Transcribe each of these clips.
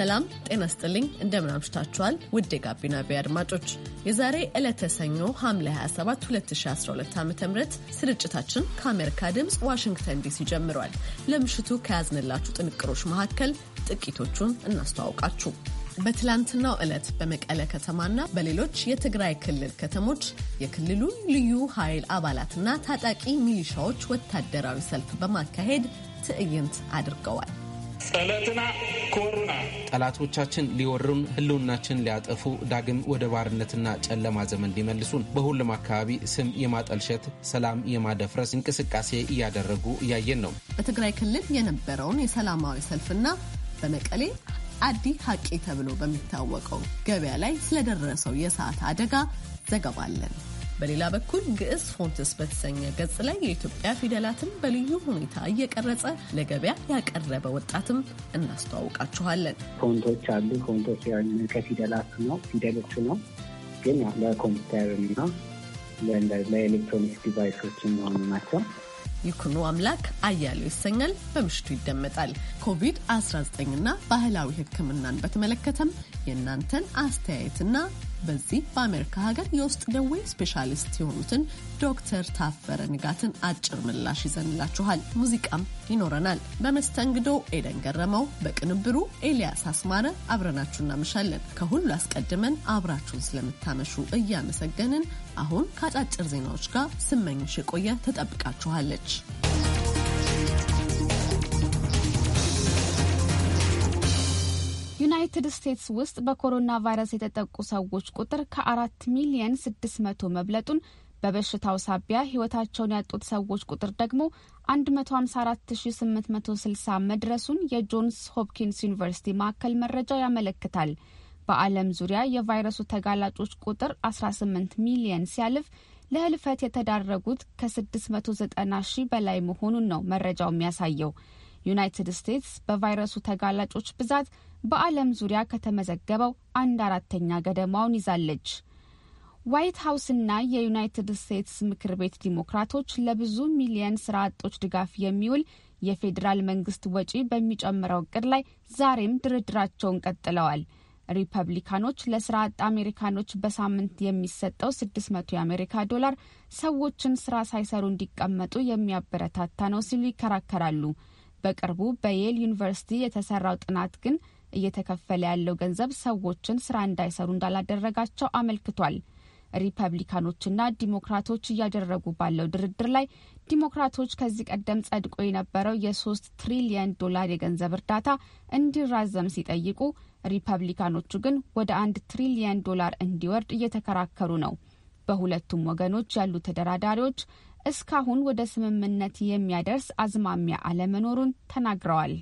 ሰላም ጤና ስጥልኝ። እንደምን አምሽታችኋል? ውድ የጋቢና ቢ አድማጮች የዛሬ ዕለተ ሰኞ ሐምሌ 27 2012 ዓ ም ስርጭታችን ከአሜሪካ ድምፅ ዋሽንግተን ዲሲ ጀምሯል። ለምሽቱ ከያዝንላችሁ ጥንቅሮች መካከል ጥቂቶቹን እናስተዋውቃችሁ። በትላንትናው ዕለት በመቀለ ከተማና በሌሎች የትግራይ ክልል ከተሞች የክልሉ ልዩ ኃይል አባላትና ታጣቂ ሚሊሻዎች ወታደራዊ ሰልፍ በማካሄድ ትዕይንት አድርገዋል። ጸለትና ኮሩና ጠላቶቻችን ሊወሩን፣ ህልውናችን ሊያጠፉ፣ ዳግም ወደ ባርነትና ጨለማ ዘመን ሊመልሱን በሁሉም አካባቢ ስም የማጠልሸት ሰላም የማደፍረስ እንቅስቃሴ እያደረጉ እያየን ነው። በትግራይ ክልል የነበረውን የሰላማዊ ሰልፍና በመቀሌ አዲ ሀቂ ተብሎ በሚታወቀው ገበያ ላይ ስለደረሰው የሰዓት አደጋ ዘገባ አለን። በሌላ በኩል ግዕዝ ፎንትስ በተሰኘ ገጽ ላይ የኢትዮጵያ ፊደላትን በልዩ ሁኔታ እየቀረጸ ለገበያ ያቀረበ ወጣትም እናስተዋውቃችኋለን። ፎንቶች አሉ። ፎንቶች ከፊደላት ነው ፊደሎቹ ነው ግን ለኮምፒውተርና ለኤሌክትሮኒክስ ዲቫይሶች የሚሆኑ ናቸው። ይኩኖ አምላክ አያሌው ይሰኛል። በምሽቱ ይደመጣል። ኮቪድ-19ና ባህላዊ ሕክምናን በተመለከተም የእናንተን አስተያየትና በዚህ በአሜሪካ ሀገር የውስጥ ደዌ ስፔሻሊስት የሆኑትን ዶክተር ታፈረ ንጋትን አጭር ምላሽ ይዘንላችኋል። ሙዚቃም ይኖረናል። በመስተንግዶ ኤደን ገረመው፣ በቅንብሩ ኤልያስ አስማረ አብረናችሁ እናመሻለን። ከሁሉ አስቀድመን አብራችሁን ስለምታመሹ እያመሰገንን አሁን ከአጫጭር ዜናዎች ጋር ስመኝሽ የቆየ ተጠብቃችኋለች። ዩናይትድ ስቴትስ ውስጥ በኮሮና ቫይረስ የተጠቁ ሰዎች ቁጥር ከአራት ሚሊየን ስድስት መቶ መብለጡን በበሽታው ሳቢያ ሕይወታቸውን ያጡት ሰዎች ቁጥር ደግሞ 154860 መድረሱን የጆንስ ሆፕኪንስ ዩኒቨርሲቲ ማዕከል መረጃ ያመለክታል። በዓለም ዙሪያ የቫይረሱ ተጋላጮች ቁጥር 18 ሚሊየን ሲያልፍ ለህልፈት የተዳረጉት ከ690 ሺህ በላይ መሆኑን ነው መረጃው የሚያሳየው። ዩናይትድ ስቴትስ በቫይረሱ ተጋላጮች ብዛት በዓለም ዙሪያ ከተመዘገበው አንድ አራተኛ ገደማውን ይዛለች። ዋይት ሀውስና የዩናይትድ ስቴትስ ምክር ቤት ዲሞክራቶች ለብዙ ሚሊየን ስራ አጦች ድጋፍ የሚውል የፌዴራል መንግስት ወጪ በሚጨምረው እቅድ ላይ ዛሬም ድርድራቸውን ቀጥለዋል። ሪፐብሊካኖች ለስራ አጥ አሜሪካኖች በሳምንት የሚሰጠው 600 የአሜሪካ ዶላር ሰዎችን ስራ ሳይሰሩ እንዲቀመጡ የሚያበረታታ ነው ሲሉ ይከራከራሉ። በቅርቡ በየል ዩኒቨርሲቲ የተሰራው ጥናት ግን እየተከፈለ ያለው ገንዘብ ሰዎችን ስራ እንዳይሰሩ እንዳላደረጋቸው አመልክቷል። ሪፐብሊካኖችና ዲሞክራቶች እያደረጉ ባለው ድርድር ላይ ዲሞክራቶች ከዚህ ቀደም ጸድቆ የነበረው የሶስት ትሪሊየን ዶላር የገንዘብ እርዳታ እንዲራዘም ሲጠይቁ፣ ሪፐብሊካኖቹ ግን ወደ አንድ ትሪሊየን ዶላር እንዲወርድ እየተከራከሩ ነው። በሁለቱም ወገኖች ያሉ ተደራዳሪዎች እስካሁን ወደ ስምምነት የሚያደርስ አዝማሚያ አለመኖሩን ተናግረዋል።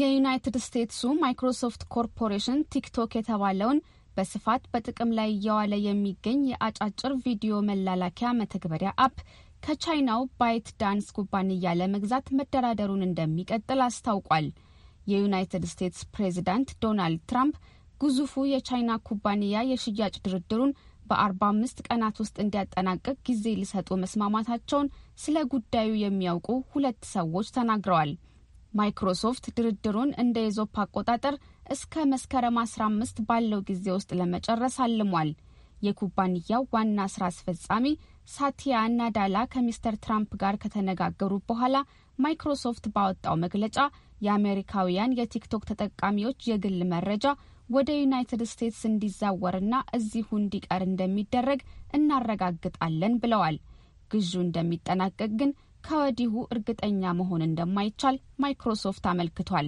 የዩናይትድ ስቴትሱ ማይክሮሶፍት ኮርፖሬሽን ቲክቶክ የተባለውን በስፋት በጥቅም ላይ እየዋለ የሚገኝ የአጫጭር ቪዲዮ መላላኪያ መተግበሪያ አፕ ከቻይናው ባይት ዳንስ ኩባንያ ለመግዛት መደራደሩን እንደሚቀጥል አስታውቋል። የዩናይትድ ስቴትስ ፕሬዚዳንት ዶናልድ ትራምፕ ግዙፉ የቻይና ኩባንያ የሽያጭ ድርድሩን በ45 ቀናት ውስጥ እንዲያጠናቅቅ ጊዜ ሊሰጡ መስማማታቸውን ስለ ጉዳዩ የሚያውቁ ሁለት ሰዎች ተናግረዋል። ማይክሮሶፍት ድርድሩን እንደ የዞፕ አቆጣጠር እስከ መስከረም 15 ባለው ጊዜ ውስጥ ለመጨረስ አልሟል። የኩባንያው ዋና ስራ አስፈጻሚ ሳቲያ ናዳላ ከሚስተር ትራምፕ ጋር ከተነጋገሩ በኋላ ማይክሮሶፍት ባወጣው መግለጫ የአሜሪካውያን የቲክቶክ ተጠቃሚዎች የግል መረጃ ወደ ዩናይትድ ስቴትስ እንዲዛወርና እዚሁ እንዲቀር እንደሚደረግ እናረጋግጣለን ብለዋል። ግዢው እንደሚጠናቀቅ ግን ከወዲሁ እርግጠኛ መሆን እንደማይቻል ማይክሮሶፍት አመልክቷል።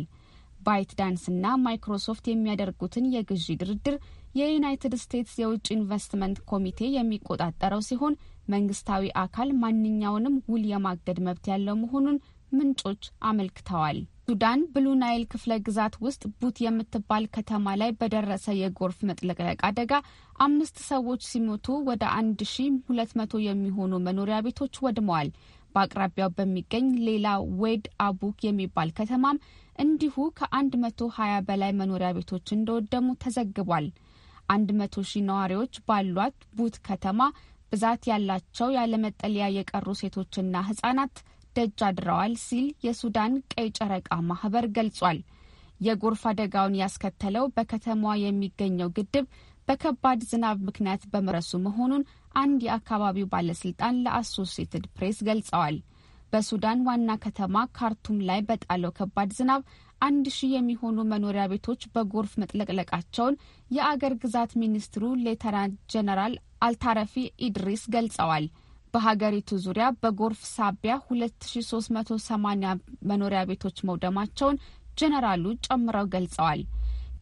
ባይት ዳንስና ማይክሮሶፍት የሚያደርጉትን የግዢ ድርድር የዩናይትድ ስቴትስ የውጭ ኢንቨስትመንት ኮሚቴ የሚቆጣጠረው ሲሆን መንግስታዊ አካል ማንኛውንም ውል የማገድ መብት ያለው መሆኑን ምንጮች አመልክተዋል። ሱዳን ብሉ ናይል ክፍለ ግዛት ውስጥ ቡት የምትባል ከተማ ላይ በደረሰ የጎርፍ መጥለቅለቅ አደጋ አምስት ሰዎች ሲሞቱ ወደ አንድ ሺ ሁለት መቶ የሚሆኑ መኖሪያ ቤቶች ወድመዋል። በአቅራቢያው በሚገኝ ሌላ ዌድ አቡክ የሚባል ከተማም እንዲሁ ከ120 በላይ መኖሪያ ቤቶች እንደወደሙ ተዘግቧል። 100 ሺህ ነዋሪዎች ባሏት ቡት ከተማ ብዛት ያላቸው ያለመጠለያ የቀሩ ሴቶችና ህጻናት ደጅ አድረዋል ሲል የሱዳን ቀይ ጨረቃ ማህበር ገልጿል። የጎርፍ አደጋውን ያስከተለው በከተማዋ የሚገኘው ግድብ በከባድ ዝናብ ምክንያት በመረሱ መሆኑን አንድ የአካባቢው ባለስልጣን ለአሶሴትድ ፕሬስ ገልጸዋል። በሱዳን ዋና ከተማ ካርቱም ላይ በጣለው ከባድ ዝናብ አንድ ሺህ የሚሆኑ መኖሪያ ቤቶች በጎርፍ መጥለቅለቃቸውን የአገር ግዛት ሚኒስትሩ ሌተናንት ጀነራል አልታረፊ ኢድሪስ ገልጸዋል። በሀገሪቱ ዙሪያ በጎርፍ ሳቢያ 2380 መኖሪያ ቤቶች መውደማቸውን ጀነራሉ ጨምረው ገልጸዋል።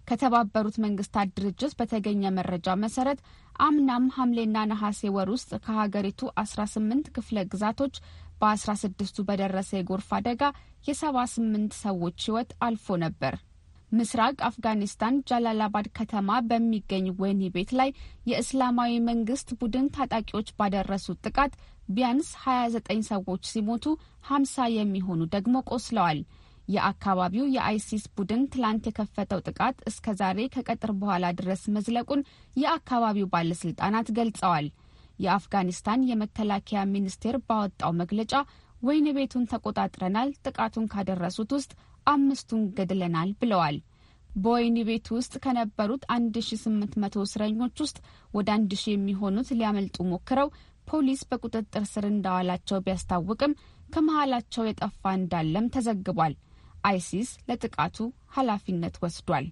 ከተባበሩት መንግስታት ድርጅት በተገኘ መረጃ መሰረት አምናም ሐምሌና ነሐሴ ወር ውስጥ ከሀገሪቱ 18 ክፍለ ግዛቶች በ16ቱ በደረሰ የጎርፍ አደጋ የ78 ሰዎች ሕይወት አልፎ ነበር። ምስራቅ አፍጋኒስታን ጃላላባድ ከተማ በሚገኝ ወህኒ ቤት ላይ የእስላማዊ መንግስት ቡድን ታጣቂዎች ባደረሱት ጥቃት ቢያንስ 29 ሰዎች ሲሞቱ 50 የሚሆኑ ደግሞ ቆስለዋል። የአካባቢው የአይሲስ ቡድን ትላንት የከፈተው ጥቃት እስከ ዛሬ ከቀጥር በኋላ ድረስ መዝለቁን የአካባቢው ባለስልጣናት ገልጸዋል። የአፍጋኒስታን የመከላከያ ሚኒስቴር ባወጣው መግለጫ ወይን ቤቱን ተቆጣጥረናል፣ ጥቃቱን ካደረሱት ውስጥ አምስቱን ገድለናል ብለዋል። በወህኒ ቤት ውስጥ ከነበሩት 1800 እስረኞች ውስጥ ወደ 1000 የሚሆኑት ሊያመልጡ ሞክረው ፖሊስ በቁጥጥር ስር እንዳዋላቸው ቢያስታውቅም ከመሃላቸው የጠፋ እንዳለም ተዘግቧል። አይሲስ ለጥቃቱ ኃላፊነት ወስዷል።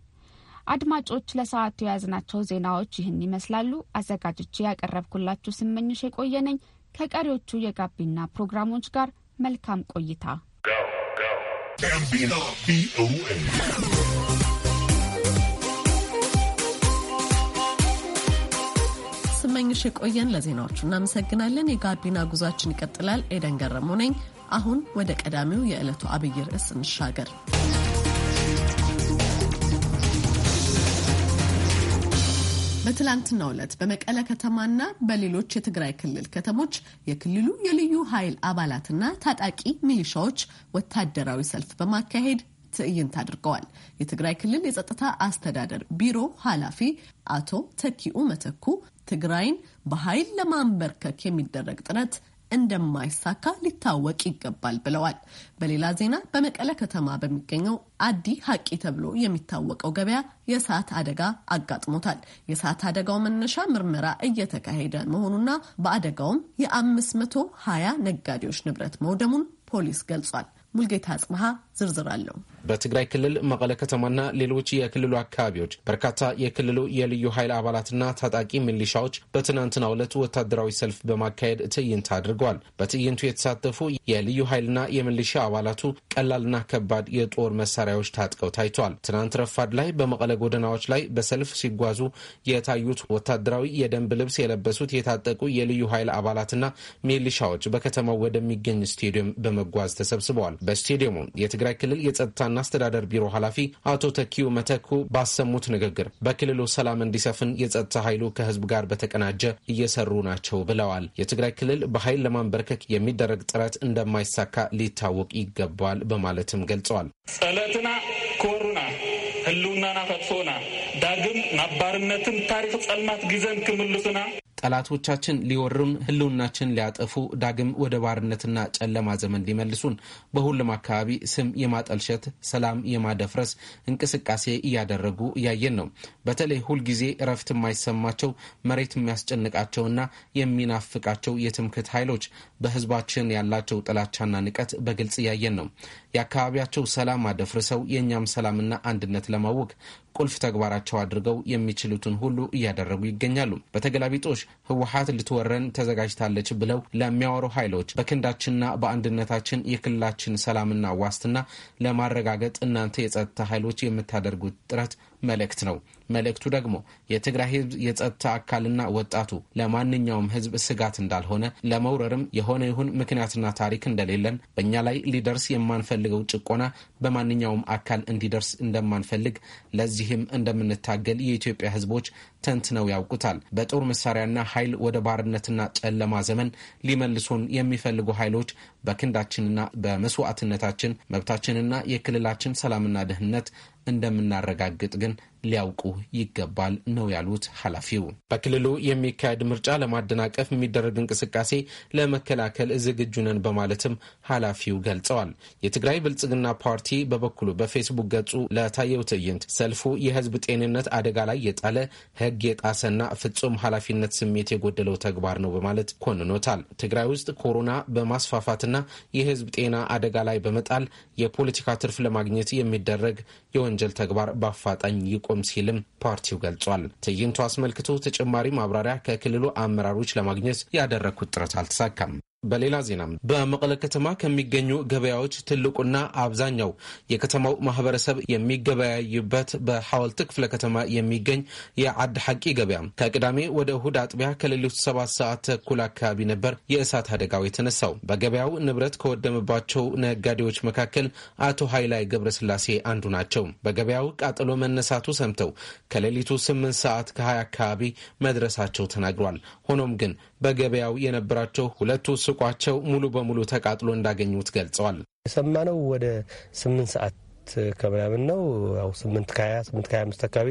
አድማጮች ለሰዓቱ የያዝናቸው ዜናዎች ይህን ይመስላሉ። አዘጋጅቼ ያቀረብኩላችሁ ስመኝሽ የቆየ ነኝ። ከቀሪዎቹ የጋቢና ፕሮግራሞች ጋር መልካም ቆይታ። ስመኝሽ የቆየን ለዜናዎቹ እናመሰግናለን። የጋቢና ጉዟችን ይቀጥላል። ኤደን ገረሙ ነኝ። አሁን ወደ ቀዳሚው የዕለቱ አብይ ርዕስ እንሻገር። በትላንትናው ዕለት በመቀለ ከተማና በሌሎች የትግራይ ክልል ከተሞች የክልሉ የልዩ ኃይል አባላትና ታጣቂ ሚሊሻዎች ወታደራዊ ሰልፍ በማካሄድ ትዕይንት አድርገዋል። የትግራይ ክልል የጸጥታ አስተዳደር ቢሮ ኃላፊ አቶ ተኪኡ መተኩ ትግራይን በኃይል ለማንበርከክ የሚደረግ ጥረት እንደማይሳካ ሊታወቅ ይገባል ብለዋል። በሌላ ዜና በመቀለ ከተማ በሚገኘው አዲ ሀቂ ተብሎ የሚታወቀው ገበያ የእሳት አደጋ አጋጥሞታል። የእሳት አደጋው መነሻ ምርመራ እየተካሄደ መሆኑና በአደጋውም የ520 ነጋዴዎች ንብረት መውደሙን ፖሊስ ገልጿል። ሙልጌታ ጽብሃ ዝርዝር አለው። በትግራይ ክልል መቀለ ከተማና ሌሎች የክልሉ አካባቢዎች በርካታ የክልሉ የልዩ ኃይል አባላትና ታጣቂ ሚሊሻዎች በትናንትናው ዕለት ወታደራዊ ሰልፍ በማካሄድ ትዕይንት አድርገዋል። በትዕይንቱ የተሳተፉ የልዩ ኃይልና የሚሊሻ አባላቱ ቀላልና ከባድ የጦር መሳሪያዎች ታጥቀው ታይተዋል። ትናንት ረፋድ ላይ በመቀለ ጎደናዎች ላይ በሰልፍ ሲጓዙ የታዩት ወታደራዊ የደንብ ልብስ የለበሱት የታጠቁ የልዩ ኃይል አባላትና ሚሊሻዎች በከተማው ወደሚገኝ ስቴዲየም በመጓዝ ተሰብስበዋል። በስቴዲየሙ የትግራይ ክልል የጸጥታ ጸጥታና አስተዳደር ቢሮ ኃላፊ አቶ ተኪው መተኩ ባሰሙት ንግግር በክልሉ ሰላም እንዲሰፍን የጸጥታ ኃይሉ ከህዝብ ጋር በተቀናጀ እየሰሩ ናቸው ብለዋል። የትግራይ ክልል በኃይል ለማንበርከክ የሚደረግ ጥረት እንደማይሳካ ሊታወቅ ይገባል በማለትም ገልጸዋል። ጸለትና ኮሩና ህልውናና ፈጥፎና ዳግም ናባርነትን ታሪክ ጸልማት ጊዘን ክምልሱና ጠላቶቻችን ሊወሩን፣ ህልውናችን ሊያጠፉ፣ ዳግም ወደ ባርነትና ጨለማ ዘመን ሊመልሱን በሁሉም አካባቢ ስም የማጠልሸት ሰላም የማደፍረስ እንቅስቃሴ እያደረጉ እያየን ነው። በተለይ ሁልጊዜ እረፍት የማይሰማቸው መሬት የሚያስጨንቃቸውና የሚናፍቃቸው የትምክህት ኃይሎች በህዝባችን ያላቸው ጥላቻና ንቀት በግልጽ እያየን ነው። የአካባቢያቸው ሰላም አደፍርሰው የእኛም ሰላምና አንድነት ለማወክ ቁልፍ ተግባራቸው አድርገው የሚችሉትን ሁሉ እያደረጉ ይገኛሉ። በተገላቢጦሽ ህወሀት ልትወረን ተዘጋጅታለች ብለው ለሚያወሩ ኃይሎች በክንዳችንና በአንድነታችን የክልላችን ሰላምና ዋስትና ለማረጋገጥ እናንተ የጸጥታ ኃይሎች የምታደርጉት ጥረት መልእክት ነው። መልእክቱ ደግሞ የትግራይ ህዝብ የጸጥታ አካልና ወጣቱ ለማንኛውም ህዝብ ስጋት እንዳልሆነ ለመውረርም የሆነ ይሁን ምክንያትና ታሪክ እንደሌለን በእኛ ላይ ሊደርስ የማንፈልገው ጭቆና በማንኛውም አካል እንዲደርስ እንደማንፈልግ ለዚህም እንደምንታገል የኢትዮጵያ ህዝቦች ተንትነው ያውቁታል። በጦር መሳሪያና ኃይል ወደ ባርነትና ጨለማ ዘመን ሊመልሱን የሚፈልጉ ኃይሎች በክንዳችንና በመስዋዕትነታችን መብታችንና የክልላችን ሰላምና ደህንነት እንደምናረጋግጥ ግን ሊያውቁ ይገባል ነው ያሉት ኃላፊው። በክልሉ የሚካሄድ ምርጫ ለማደናቀፍ የሚደረግ እንቅስቃሴ ለመከላከል ዝግጁ ነን በማለትም ኃላፊው ገልጸዋል። የትግራይ ብልጽግና ፓርቲ በበኩሉ በፌስቡክ ገጹ ለታየው ትዕይንት ሰልፉ የህዝብ ጤንነት አደጋ ላይ የጣለ ህግ የጣሰና ፍጹም ኃላፊነት ስሜት የጎደለው ተግባር ነው በማለት ኮንኖታል። ትግራይ ውስጥ ኮሮና በማስፋፋትና የህዝብ ጤና አደጋ ላይ በመጣል የፖለቲካ ትርፍ ለማግኘት የሚደረግ የወንጀል ተግባር በአፋጣኝ ይቆ ይቁም ሲልም ፓርቲው ገልጿል። ትዕይንቱ አስመልክቶ ተጨማሪ ማብራሪያ ከክልሉ አመራሮች ለማግኘት ያደረግኩት ጥረት አልተሳካም። በሌላ ዜናም በመቀለ ከተማ ከሚገኙ ገበያዎች ትልቁና አብዛኛው የከተማው ማህበረሰብ የሚገበያዩበት በሐወልት ክፍለ ከተማ የሚገኝ የአድ ሐቂ ገበያ ከቅዳሜ ወደ እሁድ አጥቢያ ከሌሊቱ ሰባት ሰዓት ተኩል አካባቢ ነበር የእሳት አደጋው የተነሳው። በገበያው ንብረት ከወደመባቸው ነጋዴዎች መካከል አቶ ሀይላይ ገብረስላሴ አንዱ ናቸው። በገበያው ቃጠሎ መነሳቱ ሰምተው ከሌሊቱ ስምንት ሰዓት ከሀያ አካባቢ መድረሳቸው ተናግሯል። ሆኖም ግን በገበያው የነበራቸው ሁለቱ ሱቋቸው ሙሉ በሙሉ ተቃጥሎ እንዳገኙት ገልጸዋል። የሰማነው ወደ ስምንት ሰዓት ከምናምን ነው። ያው ስምንት ከሀያ ስምንት ከሀያ አምስት አካባቢ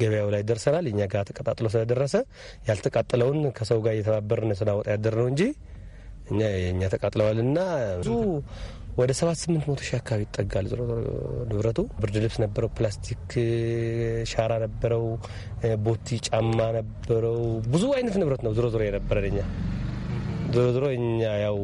ገበያው ላይ ደርሰናል። እኛ ጋር ተቀጣጥሎ ስለደረሰ ያልተቃጠለውን ከሰው ጋር እየተባበርን ስናወጣ ያደር ነው እንጂ እኛ የእኛ ተቃጥለዋል እና ብዙ ወደ ሰባት ስምንት መቶ ሺህ አካባቢ ይጠጋል። ዞሮ ንብረቱ ብርድ ልብስ ነበረው፣ ፕላስቲክ ሻራ ነበረው፣ ቦቲ ጫማ ነበረው፣ ብዙ አይነት ንብረት ነው ዞሮ ዞሮ የነበረ እኛ ድሮ ድሮ እኛ ያው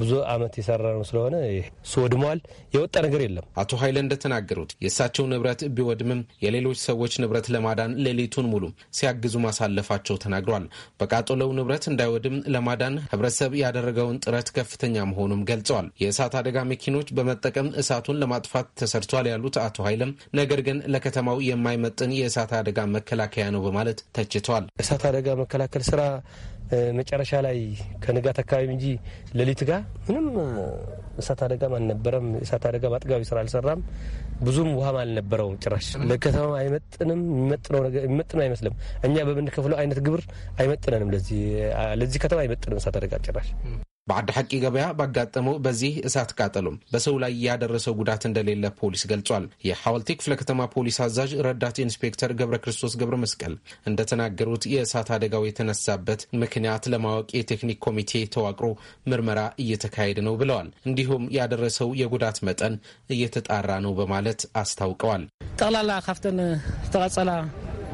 ብዙ አመት የሰራ ነው ስለሆነ እሱ ወድመዋል። የወጣ ነገር የለም። አቶ ኃይለ እንደተናገሩት የእሳቸው ንብረት ቢወድምም የሌሎች ሰዎች ንብረት ለማዳን ሌሊቱን ሙሉ ሲያግዙ ማሳለፋቸው ተናግሯል። በቃጠሎው ንብረት እንዳይወድም ለማዳን ህብረተሰብ ያደረገውን ጥረት ከፍተኛ መሆኑም ገልጸዋል። የእሳት አደጋ መኪኖች በመጠቀም እሳቱን ለማጥፋት ተሰርቷል ያሉት አቶ ኃይለም ነገር ግን ለከተማው የማይመጥን የእሳት አደጋ መከላከያ ነው በማለት ተችተዋል። እሳት አደጋ መከላከል ስራ መጨረሻ ላይ ከንጋት አካባቢ እንጂ ሌሊት ጋር ምንም እሳት አደጋም አልነበረም። እሳት አደጋ አጥጋቢ ስራ አልሰራም። ብዙም ውሃም አልነበረውም። ጭራሽ ለከተማ አይመጥንም። የሚመጥነው አይመስልም። እኛ በምንከፍለው አይነት ግብር አይመጥነንም። ለዚህ ከተማ አይመጥንም እሳት አደጋ ጭራሽ በአዲ ሐቂ ገበያ ባጋጠመው በዚህ እሳት ቃጠሎም በሰው ላይ ያደረሰው ጉዳት እንደሌለ ፖሊስ ገልጿል። የሐወልቲ ክፍለ ከተማ ፖሊስ አዛዥ ረዳት ኢንስፔክተር ገብረ ክርስቶስ ገብረ መስቀል እንደተናገሩት የእሳት አደጋው የተነሳበት ምክንያት ለማወቅ የቴክኒክ ኮሚቴ ተዋቅሮ ምርመራ እየተካሄደ ነው ብለዋል። እንዲሁም ያደረሰው የጉዳት መጠን እየተጣራ ነው በማለት አስታውቀዋል። ጠቅላላ ካፍተን ተቃጸላ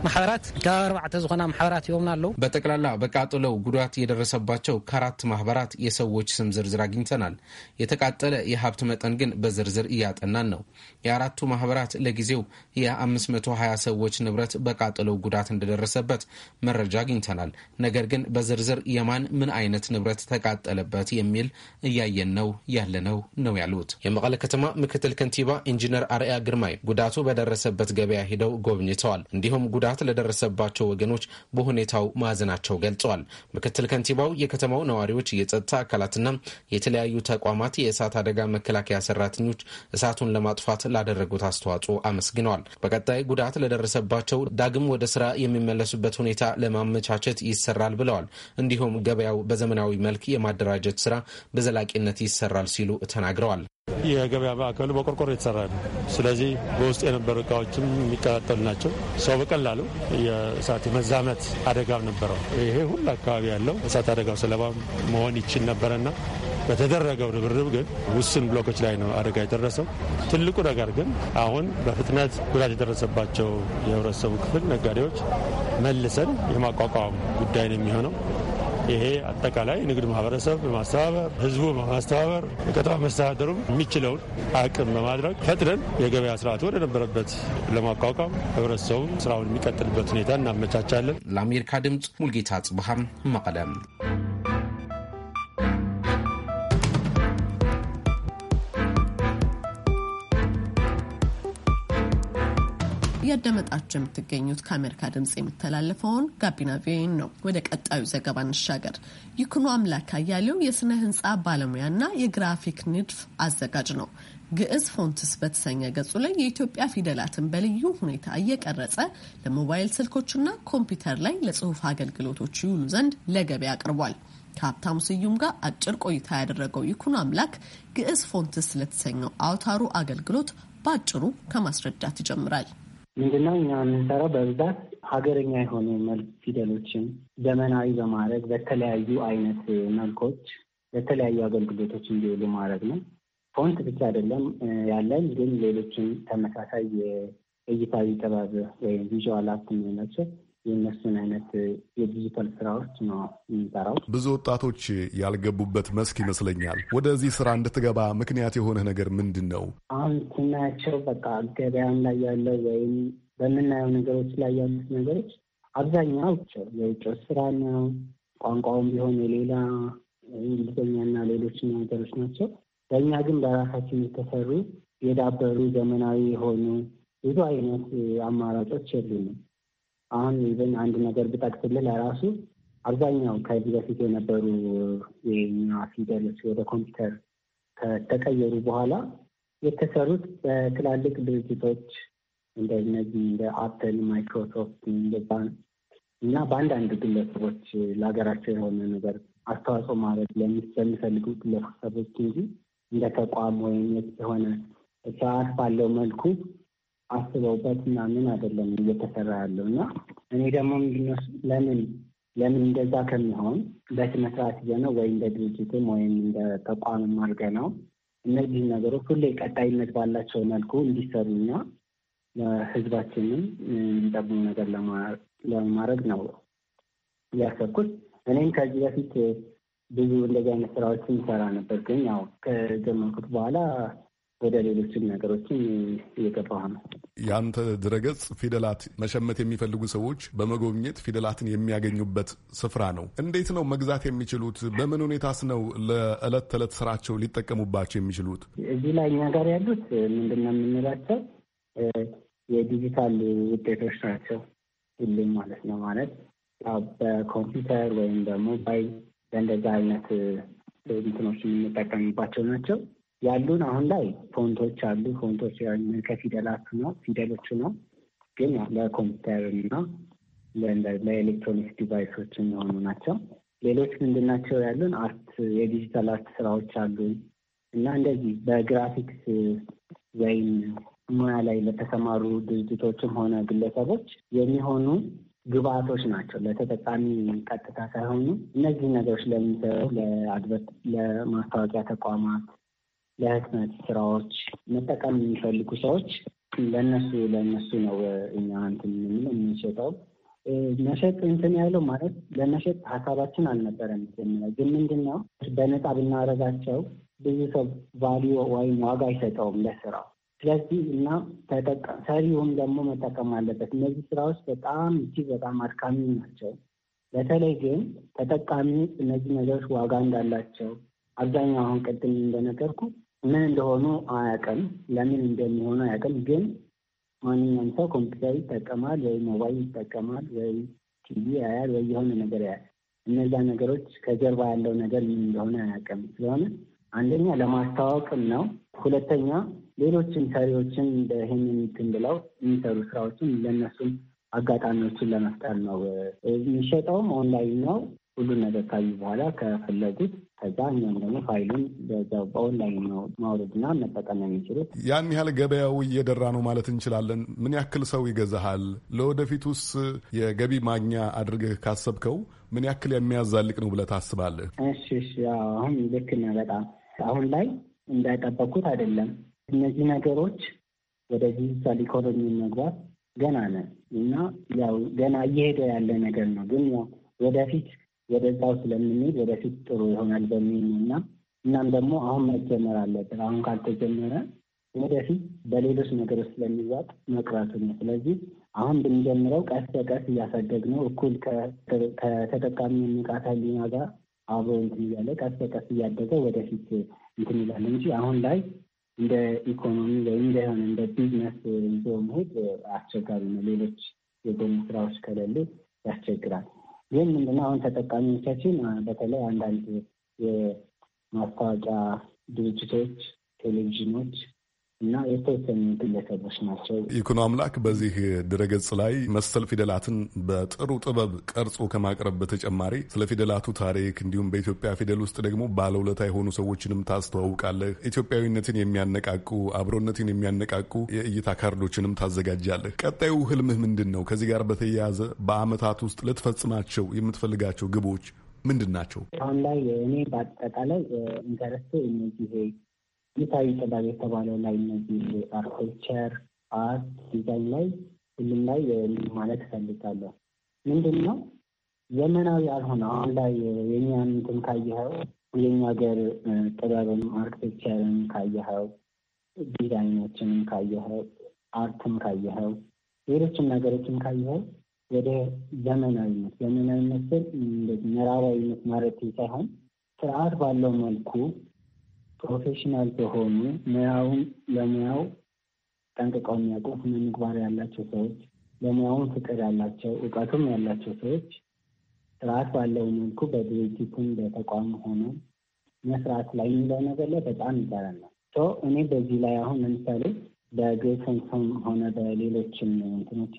ማሕበራት ካብ ኣርባዕተ ዝኾና ማሕበራት ይሆምና ኣለው በጠቅላላ በቃጠሎው ጉዳት የደረሰባቸው ከአራት ማህበራት የሰዎች ስም ዝርዝር አግኝተናል። የተቃጠለ የሀብት መጠን ግን በዝርዝር እያጠናን ነው። የአራቱ ማህበራት ለጊዜው የ520 ሰዎች ንብረት በቃጠሎው ጉዳት እንደደረሰበት መረጃ አግኝተናል። ነገር ግን በዝርዝር የማን ምን አይነት ንብረት ተቃጠለበት የሚል እያየን ነው ያለነው ነው ያሉት የመቀለ ከተማ ምክትል ከንቲባ ኢንጂነር አርያ ግርማይ ጉዳቱ በደረሰበት ገበያ ሂደው ጎብኝተዋል። እንዲሁም ጉዳ ጉዳት ለደረሰባቸው ወገኖች በሁኔታው ማዘናቸው ገልጸዋል። ምክትል ከንቲባው የከተማው ነዋሪዎች፣ የጸጥታ አካላትና የተለያዩ ተቋማት የእሳት አደጋ መከላከያ ሰራተኞች እሳቱን ለማጥፋት ላደረጉት አስተዋጽኦ አመስግነዋል። በቀጣይ ጉዳት ለደረሰባቸው ዳግም ወደ ስራ የሚመለሱበት ሁኔታ ለማመቻቸት ይሰራል ብለዋል። እንዲሁም ገበያው በዘመናዊ መልክ የማደራጀት ስራ በዘላቂነት ይሰራል ሲሉ ተናግረዋል። የገበያ ማዕከሉ በቆርቆሮ የተሰራ ነው። ስለዚህ በውስጥ የነበሩ እቃዎችም የሚቀጣጠሉ ናቸው። ሰው በቀላሉ የእሳት መዛመት አደጋም ነበረው። ይሄ ሁሉ አካባቢ ያለው እሳት አደጋው ሰለባ መሆን ይችል ነበረና በተደረገው ርብርብ ግን ውስን ብሎኮች ላይ ነው አደጋ የደረሰው። ትልቁ ነገር ግን አሁን በፍጥነት ጉዳት የደረሰባቸው የህብረተሰቡ ክፍል ነጋዴዎች መልሰን የማቋቋም ጉዳይ ነው የሚሆነው። ይሄ አጠቃላይ ንግድ ማህበረሰብ በማስተባበር ህዝቡ በማስተባበር ከተማ መስተዳደሩም የሚችለውን አቅም በማድረግ ፈጥነን የገበያ ስርዓቱ ወደነበረበት ለማቋቋም ህብረተሰቡ ስራውን የሚቀጥልበት ሁኔታ እናመቻቻለን። ለአሜሪካ ድምፅ ሙልጌታ ጽብሃም መቀለም እያደመጣችሁ የምትገኙት ከአሜሪካ ድምጽ የሚተላለፈውን ጋቢና ቪኦኤን ነው። ወደ ቀጣዩ ዘገባ እንሻገር። ይኩኖ አምላክ አያሌው የስነ ህንፃ ባለሙያና የግራፊክ ንድፍ አዘጋጅ ነው። ግዕዝ ፎንትስ በተሰኘ ገጹ ላይ የኢትዮጵያ ፊደላትን በልዩ ሁኔታ እየቀረጸ ለሞባይል ስልኮችና ኮምፒውተር ላይ ለጽሁፍ አገልግሎቶች ይውሉ ዘንድ ለገበያ አቅርቧል። ከሀብታሙ ስዩም ጋር አጭር ቆይታ ያደረገው ይኩኖ አምላክ ግዕዝ ፎንትስ ለተሰኘው አውታሩ አገልግሎት በአጭሩ ከማስረዳት ይጀምራል። ምንድነው እኛ የምንሰራው በብዛት ሀገርኛ የሆኑ መልክ ፊደሎችን ዘመናዊ በማድረግ በተለያዩ አይነት መልኮች ለተለያዩ አገልግሎቶች እንዲውሉ ማድረግ ነው። ፎንት ብቻ አይደለም ያለን፣ ግን ሌሎችን ተመሳሳይ የእይታዊ ጥበብ ወይም ቪዥዋል አርት የምንላቸው የእነሱን አይነት የዲጂታል ስራዎች ነው የምንሰራው። ብዙ ወጣቶች ያልገቡበት መስክ ይመስለኛል። ወደዚህ ስራ እንድትገባ ምክንያት የሆነ ነገር ምንድን ነው? አሁን ስናያቸው በቃ ገበያም ላይ ያለው ወይም በምናየው ነገሮች ላይ ያሉት ነገሮች አብዛኛው የውጭ ስራ ነው። ቋንቋውም ቢሆን የሌላ እንግሊዝኛና ሌሎች ነገሮች ናቸው። በእኛ ግን በራሳችን የተሰሩ የዳበሩ ዘመናዊ የሆኑ ብዙ አይነት አማራጮች የሉንም። አሁን ይዘን አንድ ነገር ብጠቅስልህ ለራሱ አብዛኛው ከዚህ በፊት የነበሩ የኛ ፊደሎች ወደ ኮምፒውተር ከተቀየሩ በኋላ የተሰሩት በትላልቅ ድርጅቶች እንደ እነዚህ እንደ አፕል፣ ማይክሮሶፍት እና በአንዳንድ ግለሰቦች ለሀገራቸው የሆነ ነገር አስተዋጽኦ ማድረግ ለሚፈልጉ ግለሰቦች እንጂ እንደ ተቋም ወይም የሆነ ስርዓት ባለው መልኩ አስበውበት ምናምን አይደለም እየተሰራ ያለው እና እኔ ደግሞ ምንድነው ለምን ለምን እንደዛ ከሚሆን በስነስርዓት ይዘነው ወይ እንደ ድርጅትም ወይም እንደ ተቋምም አድርገ ነው እነዚህ ነገሮች ሁሌ ቀጣይነት ባላቸው መልኩ እንዲሰሩና ህዝባችንም እንደሙ ነገር ለማድረግ ነው ያሰብኩት። እኔም ከዚህ በፊት ብዙ እንደዚህ አይነት ስራዎችን ይሰራ ነበር፣ ግን ያው ከጀመርኩት በኋላ ወደ ሌሎችም ነገሮችም እየገባ ነው። የአንተ ድረገጽ ፊደላት መሸመት የሚፈልጉ ሰዎች በመጎብኘት ፊደላትን የሚያገኙበት ስፍራ ነው። እንዴት ነው መግዛት የሚችሉት? በምን ሁኔታስ ነው ለዕለት ተዕለት ስራቸው ሊጠቀሙባቸው የሚችሉት? እዚህ ላይ እኛ ጋር ያሉት ምንድን ነው የምንላቸው የዲጂታል ውጤቶች ናቸው። ሁሉም ማለት ነው ማለት በኮምፒውተር ወይም በሞባይል በእንደዛ አይነት እንትኖች የምንጠቀምባቸው ናቸው። ያሉን አሁን ላይ ፎንቶች አሉ። ፎንቶች ከፊደላት ነው ፊደሎቹ ነው ግን ለኮምፒውተር እና ለኤሌክትሮኒክስ ዲቫይሶች የሚሆኑ ናቸው። ሌሎች ምንድን ናቸው ያሉን? አርት የዲጂታል አርት ስራዎች አሉ እና እንደዚህ በግራፊክስ ወይም ሙያ ላይ ለተሰማሩ ድርጅቶችም ሆነ ግለሰቦች የሚሆኑ ግብአቶች ናቸው። ለተጠቃሚ ቀጥታ ሳይሆኑ እነዚህ ነገሮች ለሚሰሩ ለማስታወቂያ ተቋማት ለህትመት ስራዎች መጠቀም የሚፈልጉ ሰዎች ለነሱ ለነሱ ነው እኛ እንትን የምንሸጠው። መሸጥ እንትን ያለው ማለት ለመሸጥ ሀሳባችን አልነበረም። ግን ምንድን ነው በነፃ ብናደርጋቸው ብዙ ሰው ቫሊዩ ወይም ዋጋ አይሰጠውም ለስራው። ስለዚህ እና ሰሪውም ደግሞ መጠቀም አለበት። እነዚህ ስራዎች በጣም እጅግ በጣም አድካሚ ናቸው። በተለይ ግን ተጠቃሚ እነዚህ ነገሮች ዋጋ እንዳላቸው አብዛኛው አሁን ቅድም እንደነገርኩ ምን እንደሆኑ አያውቅም። ለምን እንደሚሆኑ አያውቅም። ግን ማንኛውም ሰው ኮምፒውተር ይጠቀማል ወይ ሞባይል ይጠቀማል ወይ ቲቪ ያያል ወይ የሆነ ነገር ያያል። እነዚያ ነገሮች ከጀርባ ያለው ነገር ምን እንደሆነ አያውቅም። ስለሆነ አንደኛ ለማስተዋወቅም ነው። ሁለተኛ ሌሎችን ሰሪዎችን ይህንን እንትን ብለው የሚሰሩ ስራዎችን ለእነሱም አጋጣሚዎችን ለመፍጠር ነው። የሚሸጠውም ኦንላይን ነው። ሁሉን ነገር ካዩ በኋላ ከፈለጉት ከዛ እኛም ደግሞ ፋይሉን በኦንላይን ማውረድና መጠቀም የሚችሉት። ያን ያህል ገበያው እየደራ ነው ማለት እንችላለን። ምን ያክል ሰው ይገዛሃል? ለወደፊቱስ የገቢ ማግኛ አድርገህ ካሰብከው ምን ያክል የሚያዛልቅ ነው ብለህ ታስባለህ? እሺ እሺ፣ አሁን ልክ ነህ። በጣም አሁን ላይ እንዳይጠበቁት አይደለም። እነዚህ ነገሮች ወደ ዲጂታል ኢኮኖሚ መግባት ገና ነን እና ያው ገና እየሄደ ያለ ነገር ነው ግን ወደፊት ወደዛው ስለምንሄድ ወደፊት ጥሩ ይሆናል በሚል ነው እና እናም ደግሞ አሁን መጀመር አለብን። አሁን ካልተጀመረ ወደፊት በሌሎች ነገሮች ስለሚዋጥ መቅረቱ ነው። ስለዚህ አሁን ብንጀምረው ቀስ በቀስ እያሳደግ ነው እኩል ከተጠቃሚ ንቃተ ህሊና ጋር አብሮ እንትን እያለ ቀስ በቀስ እያደገ ወደፊት እንትን ይላል እንጂ አሁን ላይ እንደ ኢኮኖሚ ወይም እንደሆነ እንደ ቢዝነስ ይዞ መሄድ አስቸጋሪ ነው። ሌሎች የጎን ስራዎች ከሌሉ ያስቸግራል። ይህም ምንድነው አሁን ተጠቃሚዎቻችን በተለይ አንዳንድ የማስታወቂያ ድርጅቶች፣ ቴሌቪዥኖች እና የተወሰኑ ግለሰቦች ናቸው። ይኩኖ አምላክ በዚህ ድረገጽ ላይ መሰል ፊደላትን በጥሩ ጥበብ ቀርጾ ከማቅረብ በተጨማሪ ስለ ፊደላቱ ታሪክ እንዲሁም በኢትዮጵያ ፊደል ውስጥ ደግሞ ባለውለታ የሆኑ ሰዎችንም ታስተዋውቃለህ። ኢትዮጵያዊነትን የሚያነቃቁ አብሮነትን የሚያነቃቁ የእይታ ካርዶችንም ታዘጋጃለህ። ቀጣዩ ህልምህ ምንድን ነው? ከዚህ ጋር በተያያዘ በአመታት ውስጥ ልትፈጽማቸው የምትፈልጋቸው ግቦች ምንድን ናቸው? አሁን ላይ እኔ በአጠቃላይ ኢንተረስቴ እነዚህ ይታይ ጥበብ የተባለው ላይ እነዚህ አርክቴክቸር፣ አርት፣ ዲዛይን ላይ ሁሉም ላይ ማለት እፈልጋለሁ። ምንድን ነው ዘመናዊ ያልሆነ አሁን ላይ የኛን እንትን ካየኸው የኛ ሀገር ጥበብም አርክቴክቸርም ካየኸው ዲዛይኖችንም ካየኸው አርትም ካየኸው ሌሎችም ነገሮችም ካየኸው ወደ ዘመናዊነት ዘመናዊነት ስል እንደዚህ ምዕራባዊነት ማለት ሳይሆን ስርዓት ባለው መልኩ ፕሮፌሽናል በሆኑ ሙያውን ለሙያው ጠንቅቀው የሚያውቁ ስነ ምግባር ያላቸው ሰዎች፣ ለሙያውን ፍቅር ያላቸው እውቀቱም ያላቸው ሰዎች ስርዓት ባለው መልኩ በድርጅቱም በተቋሙ ሆኖ መስራት ላይ የሚለው ነገር ላይ በጣም ይባላል ነው። እኔ በዚህ ላይ አሁን ለምሳሌ በግሰንሰም ሆነ በሌሎችም እንትኖች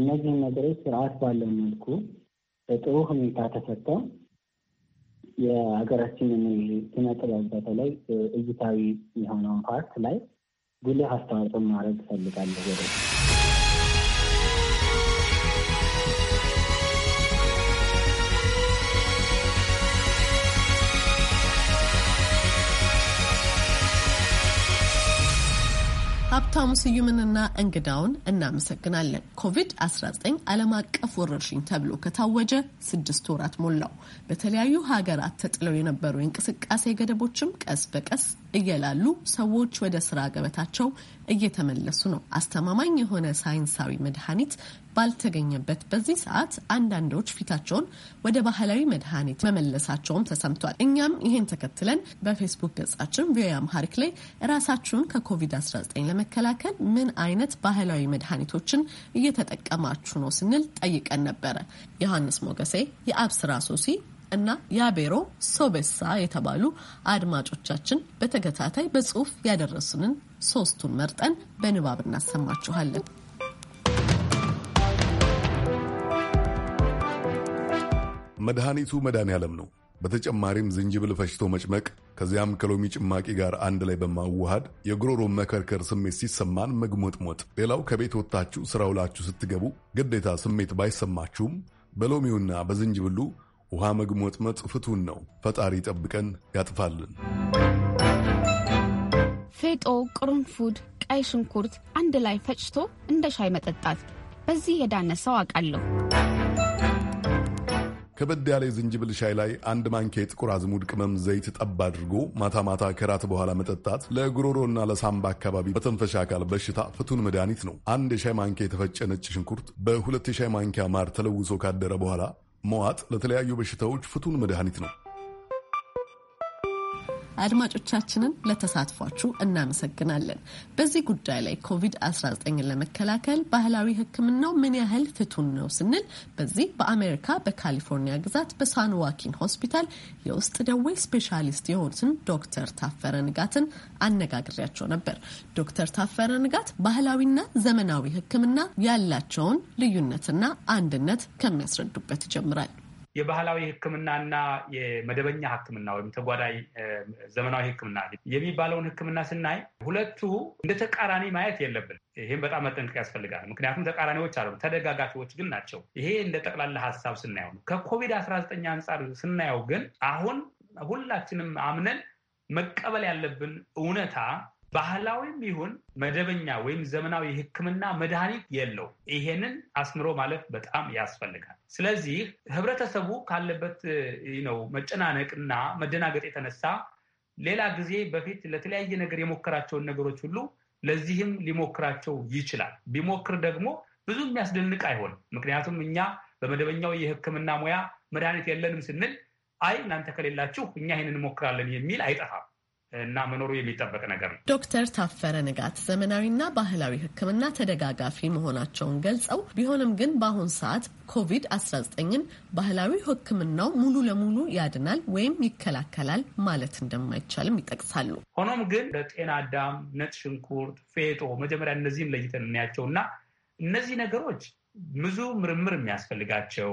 እነዚህን ነገሮች ስርዓት ባለው መልኩ በጥሩ ሁኔታ ተሰጥተው የሀገራችንን ስነ ጥበብ በተለይ እይታዊ የሆነውን ፓርት ላይ ጉልህ አስተዋጽኦ ማድረግ እፈልጋለሁ። ወደ ሀብታሙ ስዩምንና እንግዳውን እናመሰግናለን። ኮቪድ-19 ዓለም አቀፍ ወረርሽኝ ተብሎ ከታወጀ ስድስት ወራት ሞላው። በተለያዩ ሀገራት ተጥለው የነበሩ የእንቅስቃሴ ገደቦችም ቀስ በቀስ እየላሉ ሰዎች ወደ ስራ ገበታቸው እየተመለሱ ነው። አስተማማኝ የሆነ ሳይንሳዊ መድኃኒት ባልተገኘበት በዚህ ሰዓት አንዳንዶች ፊታቸውን ወደ ባህላዊ መድኃኒት መመለሳቸውም ተሰምቷል። እኛም ይህን ተከትለን በፌስቡክ ገጻችን ቪኦኤ አምሃሪክ ላይ ራሳችሁን ከኮቪድ-19 ለመከላከል ምን አይነት ባህላዊ መድኃኒቶችን እየተጠቀማችሁ ነው ስንል ጠይቀን ነበረ። ዮሐንስ ሞገሴ፣ የአብስራ ሶሲ እና የአቤሮ ሶቤሳ የተባሉ አድማጮቻችን በተከታታይ በጽሁፍ ያደረሱንን ሶስቱን መርጠን በንባብ እናሰማችኋለን። መድኃኒቱ መድኃኔ ዓለም ነው። በተጨማሪም ዝንጅብል ፈጭቶ መጭመቅ ከዚያም ከሎሚ ጭማቂ ጋር አንድ ላይ በማዋሃድ የጉሮሮ መከርከር ስሜት ሲሰማን መግሞጥሞጥ። ሌላው ከቤት ወጥታችሁ ስራ ውላችሁ ስትገቡ ግዴታ ስሜት ባይሰማችሁም በሎሚውና በዝንጅብሉ ውሃ መግሞጥመጥ ፍቱን ነው። ፈጣሪ ጠብቀን ያጥፋልን። ፌጦ፣ ቅርንፉድ፣ ቀይ ሽንኩርት አንድ ላይ ፈጭቶ እንደ ሻይ መጠጣት በዚህ የዳነ ሰው አውቃለሁ። ከበድ ያለ የዝንጅብል ሻይ ላይ አንድ ማንኪያ የጥቁር አዝሙድ ቅመም ዘይት ጠብ አድርጎ ማታ ማታ ከራት በኋላ መጠጣት ለጉሮሮና ለሳምባ አካባቢ በተንፈሻ አካል በሽታ ፍቱን መድኃኒት ነው። አንድ የሻይ ማንኪያ የተፈጨ ነጭ ሽንኩርት በሁለት የሻይ ማንኪያ ማር ተለውሶ ካደረ በኋላ መዋጥ ለተለያዩ በሽታዎች ፍቱን መድኃኒት ነው። አድማጮቻችንን ለተሳትፏችሁ እናመሰግናለን። በዚህ ጉዳይ ላይ ኮቪድ-19ን ለመከላከል ባህላዊ ሕክምናው ምን ያህል ፍቱን ነው ስንል በዚህ በአሜሪካ በካሊፎርኒያ ግዛት በሳን ዋኪን ሆስፒታል የውስጥ ደዌ ስፔሻሊስት የሆኑትን ዶክተር ታፈረ ንጋትን አነጋግሬያቸው ነበር። ዶክተር ታፈረ ንጋት ባህላዊና ዘመናዊ ሕክምና ያላቸውን ልዩነትና አንድነት ከሚያስረዱበት ይጀምራል። የባህላዊ ሕክምናና የመደበኛ ሕክምና ወይም ተጓዳኝ ዘመናዊ ሕክምና የሚባለውን ሕክምና ስናይ ሁለቱ እንደ ተቃራኒ ማየት የለብን። ይህም በጣም መጠንቀቅ ያስፈልጋል። ምክንያቱም ተቃራኒዎች አሉ፣ ተደጋጋፊዎች ግን ናቸው። ይሄ እንደ ጠቅላላ ሀሳብ ስናየው ነው። ከኮቪድ 19 አንጻር ስናየው ግን አሁን ሁላችንም አምነን መቀበል ያለብን እውነታ ባህላዊም ይሁን መደበኛ ወይም ዘመናዊ ሕክምና መድኃኒት የለው ይሄንን አስምሮ ማለፍ በጣም ያስፈልጋል። ስለዚህ ህብረተሰቡ ካለበት ነው መጨናነቅና መደናገጥ የተነሳ ሌላ ጊዜ በፊት ለተለያየ ነገር የሞከራቸውን ነገሮች ሁሉ ለዚህም ሊሞክራቸው ይችላል። ቢሞክር ደግሞ ብዙ የሚያስደንቅ አይሆንም። ምክንያቱም እኛ በመደበኛው የህክምና ሙያ መድኃኒት የለንም ስንል አይ እናንተ ከሌላችሁ እኛ ይህን እንሞክራለን የሚል አይጠፋም። እና መኖሩ የሚጠበቅ ነገር ነው። ዶክተር ታፈረ ንጋት ዘመናዊና ባህላዊ ሕክምና ተደጋጋፊ መሆናቸውን ገልጸው ቢሆንም ግን በአሁን ሰዓት ኮቪድ-19ን ባህላዊ ሕክምናው ሙሉ ለሙሉ ያድናል ወይም ይከላከላል ማለት እንደማይቻልም ይጠቅሳሉ። ሆኖም ግን ለጤና አዳም፣ ነጭ ሽንኩርት፣ ፌጦ መጀመሪያ እነዚህም ለይተን እናያቸው እና እነዚህ ነገሮች ብዙ ምርምር የሚያስፈልጋቸው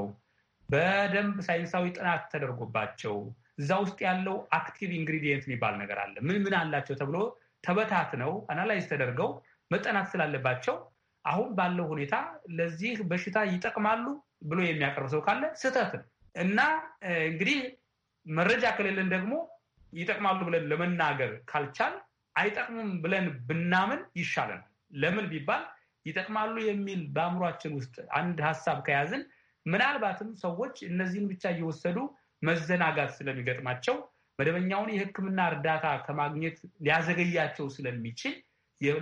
በደንብ ሳይንሳዊ ጥናት ተደርጎባቸው እዛ ውስጥ ያለው አክቲቭ ኢንግሪዲየንት የሚባል ነገር አለ። ምን ምን አላቸው ተብሎ ተበታትነው አናላይዝ ተደርገው መጠናት ስላለባቸው አሁን ባለው ሁኔታ ለዚህ በሽታ ይጠቅማሉ ብሎ የሚያቀርብ ሰው ካለ ስህተት ነው እና እንግዲህ መረጃ ከሌለን ደግሞ ይጠቅማሉ ብለን ለመናገር ካልቻል አይጠቅምም ብለን ብናምን ይሻለናል። ለምን ቢባል ይጠቅማሉ የሚል በአእምሯችን ውስጥ አንድ ሀሳብ ከያዝን ምናልባትም ሰዎች እነዚህን ብቻ እየወሰዱ መዘናጋት ስለሚገጥማቸው መደበኛውን የሕክምና እርዳታ ከማግኘት ሊያዘገያቸው ስለሚችል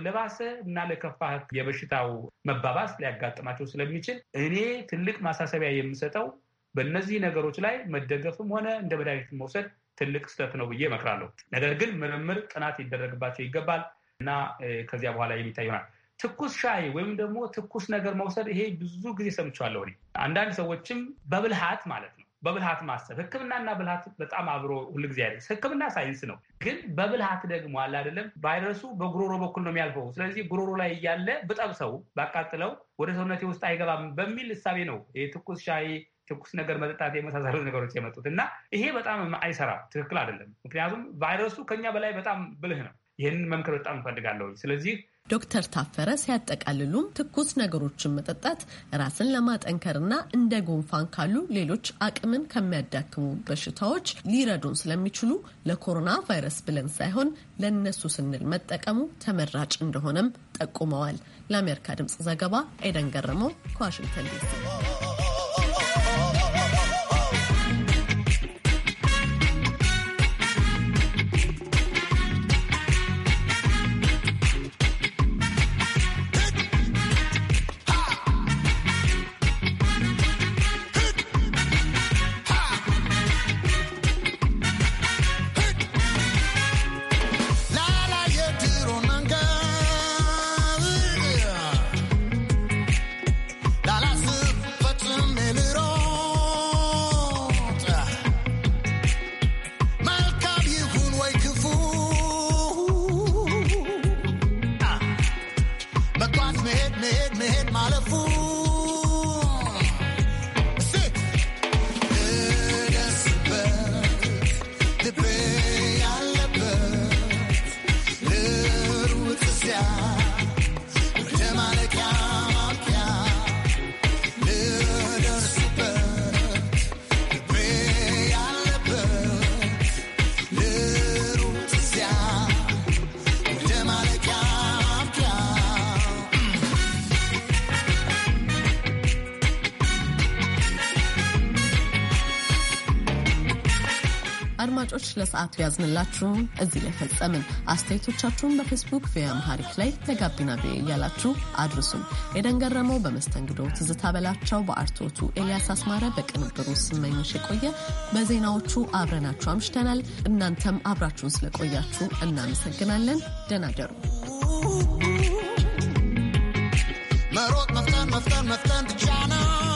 ለባሰ እና ለከፋ የበሽታው መባባስ ሊያጋጥማቸው ስለሚችል እኔ ትልቅ ማሳሰቢያ የምሰጠው በእነዚህ ነገሮች ላይ መደገፍም ሆነ እንደ መድኃኒት መውሰድ ትልቅ ስህተት ነው ብዬ እመክራለሁ። ነገር ግን ምርምር ጥናት ሊደረግባቸው ይገባል እና ከዚያ በኋላ የሚታይ ይሆናል። ትኩስ ሻይ ወይም ደግሞ ትኩስ ነገር መውሰድ ይሄ ብዙ ጊዜ ሰምቻለሁ እኔ። አንዳንድ ሰዎችም በብልሃት ማለት ነው በብልሃት ማሰብ ህክምናና ብልሃት በጣም አብሮ ሁልጊዜ አይደለም። ህክምና ሳይንስ ነው፣ ግን በብልሃት ደግሞ አለ አይደለም። ቫይረሱ በጉሮሮ በኩል ነው የሚያልፈው። ስለዚህ ጉሮሮ ላይ እያለ ብጠብሰው፣ ባቃጥለው ወደ ሰውነቴ ውስጥ አይገባም በሚል እሳቤ ነው የትኩስ ሻይ ትኩስ ነገር መጠጣት የመሳሰሉት ነገሮች የመጡት እና ይሄ በጣም አይሰራም፣ ትክክል አይደለም። ምክንያቱም ቫይረሱ ከኛ በላይ በጣም ብልህ ነው። ይህንን መምከር በጣም እንፈልጋለሁ። ስለዚህ ዶክተር ታፈረ ሲያጠቃልሉም ትኩስ ነገሮችን መጠጣት ራስን ለማጠንከርና እንደ ጉንፋን ካሉ ሌሎች አቅምን ከሚያዳክሙ በሽታዎች ሊረዱን ስለሚችሉ ለኮሮና ቫይረስ ብለን ሳይሆን ለእነሱ ስንል መጠቀሙ ተመራጭ እንደሆነም ጠቁመዋል። ለአሜሪካ ድምጽ ዘገባ ኤደን ገረመው ከዋሽንግተን ዲሲ አድማጮች ለሰዓቱ ያዝንላችሁ እዚህ ላይ ፈጸምን። አስተያየቶቻችሁን በፌስቡክ ቪያምሃሪክ ላይ ለጋቢና ቪ እያላችሁ አድርሱም ኤደን ገረመው በመስተንግዶ ትዝታ በላቸው፣ በአርቶቱ ኤልያስ አስማረ፣ በቅንብሩ ስመኝሽ የቆየ በዜናዎቹ አብረናችሁ አምሽተናል። እናንተም አብራችሁን ስለቆያችሁ እናመሰግናለን። ደህና ደሩ። መሮጥ መፍጠን መፍጠን መፍጠን ብቻ ነው